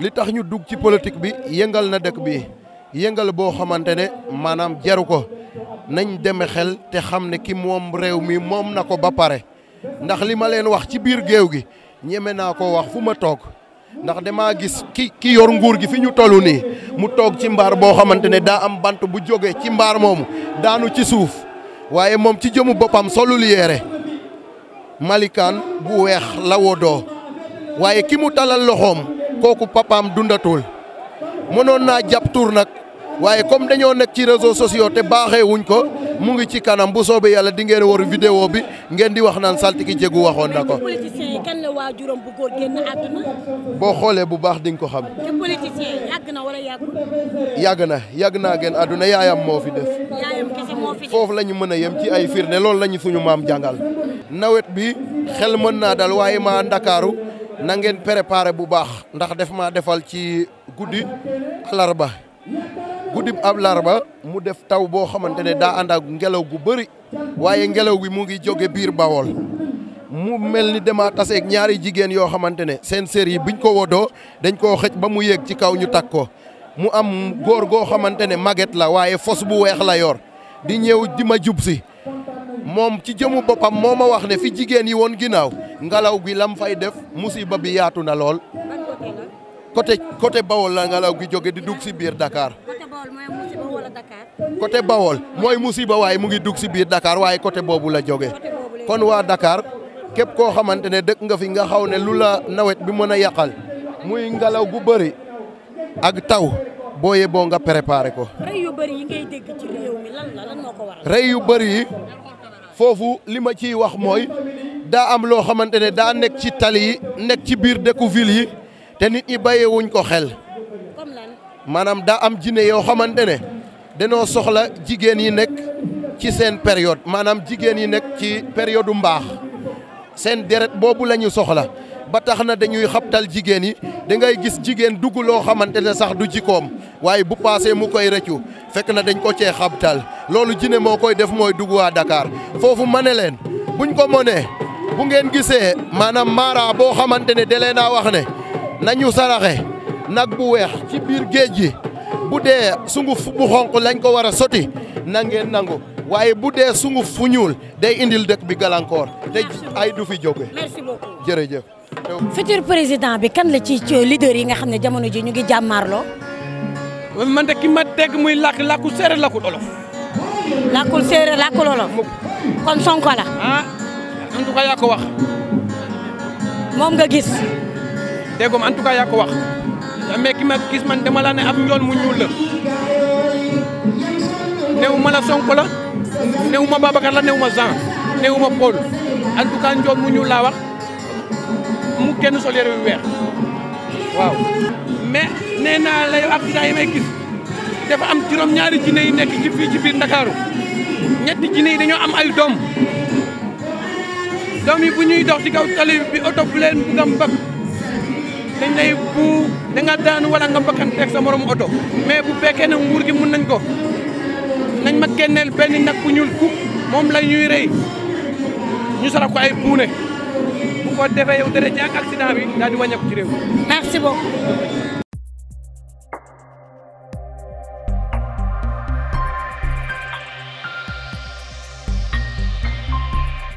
li tax ñu dugg ci politique bi yëngal na dëkk bi yëngal boo xamante ne maanaam jaru ko nañ deme xel te xam ne ki moom réew mi moom na ko ba pare ndax li ma leen wax ci biir géew gi ñeme naa ko wax fu ma toog ndax damaa gis ki ki yor nguur gi fi ñu toll nii mu toog ci mbaar boo xamante ne daa am bant bu jóge ci mbaar moomu daanu ci suuf waaye moom ci jëmu boppam solul yére malikaan bu weex la wodoo waaye ki mu talal loxoom kooku papaam dundatul mënoon naa jàpp tur nag waaye comme dañoo nekk ci réseaux sociaux te baaxewuñ ko mu ngi ci kanam bu soobee yàlla dingeen ngeen war vidéo bi ngeen di wax naan saltiki jegu waxoon na ko. politicien boo xoolee bu baax dinga ko xam. yàgg na yàgg naa ngeen àdduna yaayam moo fi def. foofu lañu mën a yem ci ay firnde loolu la ñu suñu maam jàngal. nawet bi xel mën naa dal waaye ma ndakaaru na ngeen préparé bu baax ndax def maa defal ci guddi alarba guddi ab larba mu def taw boo xamante ne daa ànd ak ngelaw gu bëri waaye ngelaw gi mu ngi jóge biir Bawol mu mel ni dama taseeg ñaari jigéen yoo xamante ne seen séer yi biñ ko wodoo dañ koo xëj ba mu yéeg ci kaw ñu takk ko mu am góor goo xamante ne màgget la waaye fos bu weex la yor di ñëw di ma jub si moom ci jëmu boppam moo ma wax ne fi jigéen yi woon ginnaaw ngalaw gi lam fay def musiba bi yaatu na lool côté côté Bawol la ngalaw gi jóge di dugg si biir dakaar côté Bawol mooy musiba waaye mu ngi dugg si biir dakaar waaye côté boobu la jóge kon waa dakaar képp koo xamante ne dëkk nga fi nga xaw ne lu la nawet bi mën a yàqal muy ngalaw gu bari ak taw boo yeboo nga préparé ko. rey yu bari yi foofu li ma ciy wax mooy daa am loo xamante ne daa nekk ci tali yi nekk ci biir dëkku ville yi te nit i bayewuñ ko xel maanaam daa am jinne yow xamante ne danoo soxla jigéen yi nekk ci seen période maanaam jigéen yi nekk ci période mbaax seen deret boobu la ñu soxla ba tax na dañuy xabtal jigéen yi da ngay gis jigéen dugg loo xamante ne sax du jikkoom waaye bu paasee mu koy rëccu fekk na dañ ko cee xabtal loolu jinne moo koy def mooy dugg waa Dakar foofu ma ne leen buñ ko mënee bu ngeen gisee maanaam mara boo xamante ne dalee naa wax ne nañu saraxe nag bu weex ci biir géej gi bu dee sunguf bu xonq lañ ko war a soti na ngeen nangu waaye bu dee sunguf fu ñuul day indil dëkk bi gàllankoor te ay du fi jóge jërëjëf. futur président bi kan la ci leader yi nga xam ne jamono ji ñu ngi jàmmaarloo. man de ki ma dégg muy lakk làkku séeréer làkku olof. làkkul séeréer làkkul olof. kon Sonko la. Ah. en tout cas wax. moom nga gis. dégg en tout cas yaa ko wax. mais ki ma gis man dama ab njool mu ñuul la. néew ma la Sonko la. néew ma Babacar la néew ma Jean néew ma Paul en tout cas mu ñuul laa wax mu kenn sol yére yu weex waaw. mais nee naa la yow accident yi may gis dafa am juróom ñaari jinne yi nekk ci fii Ndakaaru ñetti jinne yi dañoo am ay doom. doom yi bu ñuy dox ci kaw tali bi oto bu leen bu nga mbëkk dañ lay bu da nga daanu wala nga mbëkkanteeg sa oto mais bu fekkee ne nguur gi mun nañ ko nañ ma kenneel benn nag ku ñuul ku moom la ñuy rey ñu sara ko ay puune bu ko defee yow dara ci ak accident bi daal di wàññeeku ci réew